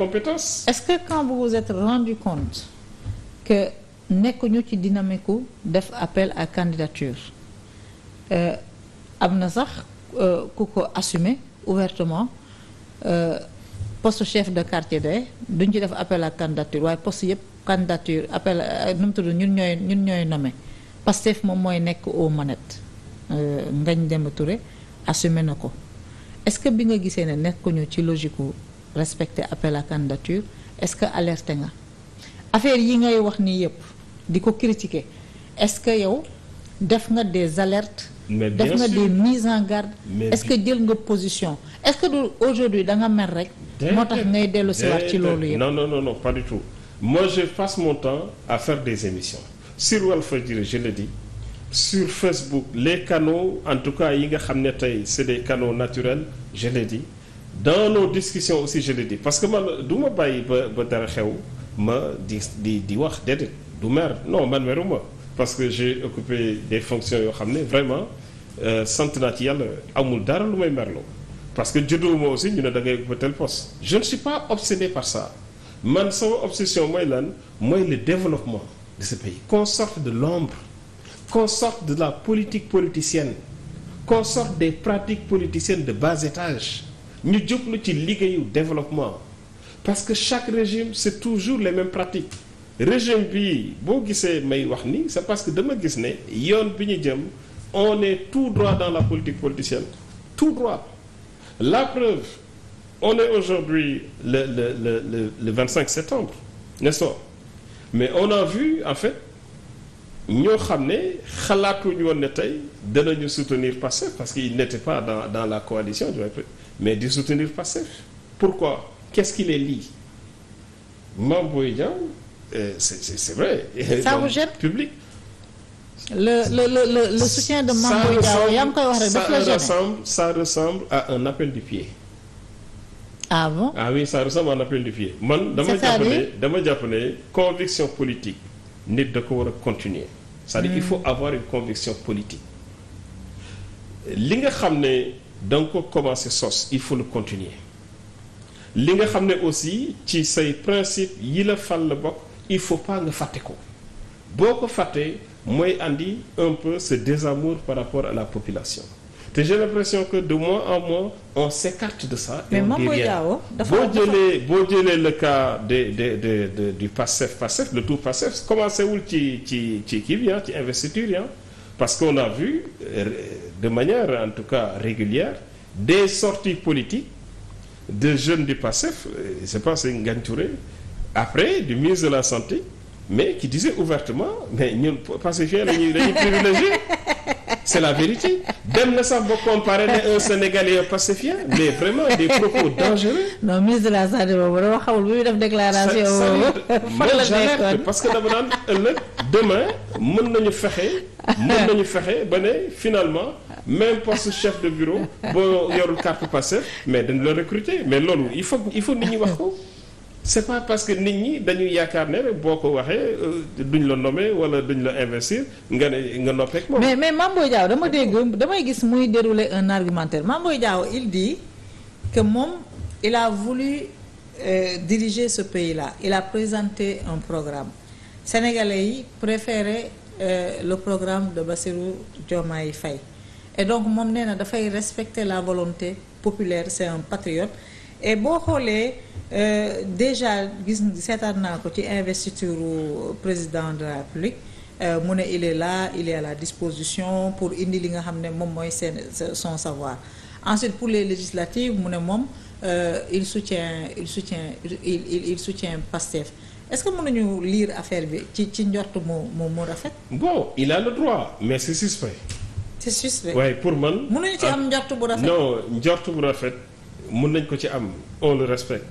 compétence. est-ce que quand vous vous êtes rendu compte que nekkuñu ci dynamique gu def appel à candidature euh, am na sax euh, ku ko assumer ouvertement euh, poste chef de quartier de duñ ci def appel à candidature waaye post yëpp candidature appel euh, nu mu tudd ñun ñooy ñun ñooy nommé Pastef moom mooy nekk aux manettes Ngagne dem Touré assumer na ko est-ce que bi nga gisee ne nekkuñu ci logique respecter appel à candidature est-ce que alerté nga affaire yi ngay wax nii yëpp di ko critiquer est-ce que yow def nga des alertes def nga des mises en garde est-ce que jël nga position est-ce que du aujourd'hui da nga mer rek moo tax ngay dellu si waat ci loolu yëpp non non non non pas du tout moi je passe mon temps à faire des émissions sur Walfadjri je le dis sur en tout cas yi nga xam ne tey c'est des canaux naturels je le dans nos discussions aussi je le dis parce que man duma bàyyi ba ba dara xew ma di di di wax déedéet du mer non man meruma parce que je occupé des fonctions yoo xam ne vraiment euh, sant naa ci yàlla amul dara lu may merloo parce que judduwuma aussi ñu ne da ngay occupé tel poste je ne suis pas obsédé par ça man sama obsession mooy lan mooy le développement de ce pays qu'on de l'ombre qu'on sorte de la politique politicienne qu'on sorte des pratiques politiciennes de bas ñu jublu ci liggéeyu développement parce que chaque régime c'est toujours les mêmes pratiques régime bi boo gisee may wax ni c'est parce que dama gis ne yoon bi ñu jëm on est tout droit dans la politique politicienne tout droit la preuve on est aujourd'hui le le le le le 25 septembre n'est-ce pas mais on a vu en fait ñoo xam ne xalaatuñu woon ne tey danañu soutenir Pastef parce qu'ils n'étaient pas dans dans la coalition mais di soutenir Pastef pourquoi qu'est-ce qui les lie Mame Boye Diao euh, c'est c'est vrai ça vous gêne public le le le le soutien de Mame Boye yaa ngi koy wax rek daf la gêne ça ressemble à un appel du pied ah bon ah oui ça un appel du pied man dama jàpp ne dama jàpp ne conviction politique nit da ko war a continuer c'est-à-dire il hmm. faut avoir une conviction politique li nga xam ne da ko commencé sos il faut le continuer li nga xam ne aussi ci say principe yi la fal la bokk il faut pas nga fàtte ko boo ko fàttee mooy indi un peu ce désamour par rapport à la population te j'ai l'impression que de mois en mois on carte de ça. mais Mamboy Diao dafa boo jëlee boo jëlee le cas de de de du PASTEF PASTEF le tout PASTEF commencé wul ci ci ci kii bi ah, ci investiture yi ah. Parce qu'on a vu, euh, de manière en tout cas régulière, des sorties politiques de jeune du PASTEF, euh, je ne sais pas, c'est Ngantouré, après, du ministre de la Santé, mais qui dise ouvertement, mais ñu passagers la ñuy dañuy privilégié c'est la vérité dem na sax ba comparer ne un sénégalais pacifien mais vraiment des propos dangereux. non ministre de la santé boobu dama xamul bu ñu def déclaration. fan la parce que dama naan ëllëg demain mën nañu fexe. mën nañu fexe ba ne finalement même poste chef de bureau boo yorul carte Pastef mais dañ la recruter mais loolu il faut il faut nit ñi wax ko c'est pas parce que nit ñi dañu yaakaar ne rek boo ko waxee euh, duñ la nommer wala duñ la investir nga ne nga noppeek moom. mais mais Mame Boye Diao dama dégg damay gis muy dérouler un argumentaire Mame Boye Diao il dit que moom il a voulu euh, diriger ce pays-là il a présenté un programme sénégalais yi préféré. Euh, le programme de Bassirou Diomaye Faye et donc moom nee na dafay respecter la volonté populaire c'est un patriote et boo xoolee euh, déjà gis seetaan naa ko ci investiture président de la République euh, mu ne il est là il est à la disposition pour indi li nga xam ne moom mooy seen son savoir ensuite pour les législatives mu ne moom euh, il soutient il soutient il est-ce que mënuñu liir affaire bi ci ci njort mu mu mu rafet. bon il a le droit mais c'est suspect. c'est suspect waaye pour man. mënuñu ci ah, am njort bu rafet. non njort bu rafet mën nañ ko ci am on le respecte.